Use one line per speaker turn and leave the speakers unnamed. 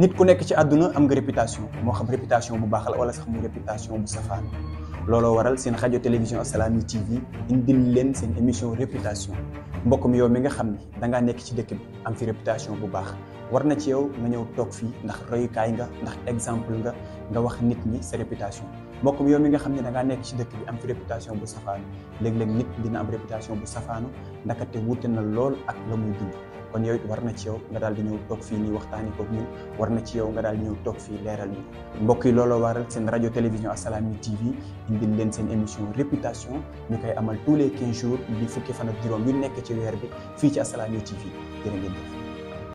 nit ku nekk ci àdduna am nga réputation moo xam réputation bu baax la wala sax mu réputation bu safaan looloo waral seen rajo télévision Assalaamy TV indil leen seen émission réputation mbokk mi yow mi nga xam ni da nekk ci dëkk bi am fi réputation bu baax war na ci yow nga ñëw toog fii ndax royukaay nga ndax exemple nga nga wax nit ñi sa réputation mbokk mi mi nga xam ne da ngaa nekk ci dëkk bi am fi réputation bu safaanu léeg-léeg nit dina am réputation bu safaanu ndakate wuute na lool ak la muy dund kon yow it war na ci yow nga daal di ñëw toog fii ni waxtaani ko ñun war na ci yow nga daal di ñëw toog fii leeral ñu mbokk yi looloo waral seen rajo télévision Assalaamy TV indil leen seen émission réputation ñu koy amal tous les quinze jours di fukki fan ak juróom yu nekk ci weer bi fii ci Assalaamy TV jërë ngeen jëf